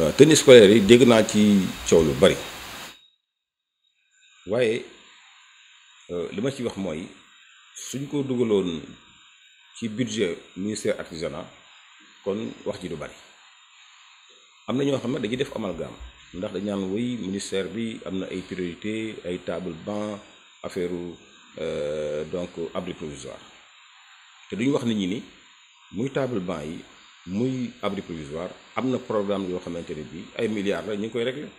Euh, tenue scolaire yi dégg naa ci coow lu bari waaye euh, li ma ci wax mooy suñ ko dugaloon ci budget ministère artisanat kon wax ji du bari am na ñoo xam ne dañuy def amalgame ndax dañ naan woy ministère bi am na ay priorité ay table banc affaire euh, donc abri provisoire te duñu wax nit ñi ni muy table banc yi muy abri provisoire am na programme yoo xamante bi ay milliards la ñu ngi koy régler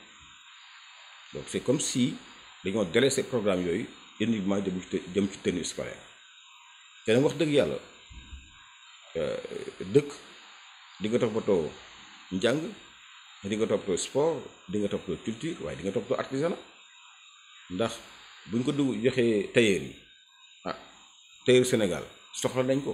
donc c'est comme si dañoo délaissé programme yooyu uniquement jëm ci jëm ci tenue scolaire te nag wax dëgg yàlla euh, dëkk di nga toppatoo njàng di nga toppatoo sport di nga toppatoo culture waaye di nga toppatoo artisanat ndax buñ ko dugg joxee tailleur yi ah tailleur Sénégal soxla nañ ko.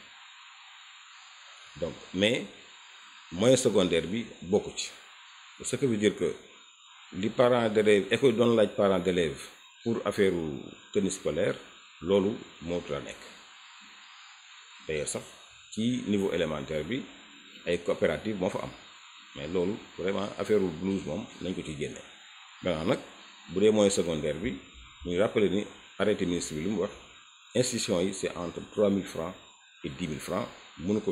donc mais moyen secondaire bi bokku ci ce qui veut dire que les parents d'élèves école donne les parents d'élèves pour affaire tennis scolaire lolo montre la faire. d'ailleurs sax ci niveau élémentaire bi ay coopérative moo fa mais lolo vraiment affaire blouse de lañ ko ci maintenant moyen secondaire bi ñu rappeler ni arrêté ministre bi c'est entre 3000 francs et 10 000 francs mon ko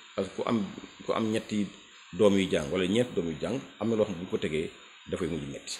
parce que ku am ku am ñetti doom yu jàng wala ñeenti doom yu jàng am na loo xam bu ko tegee dafay mujj metti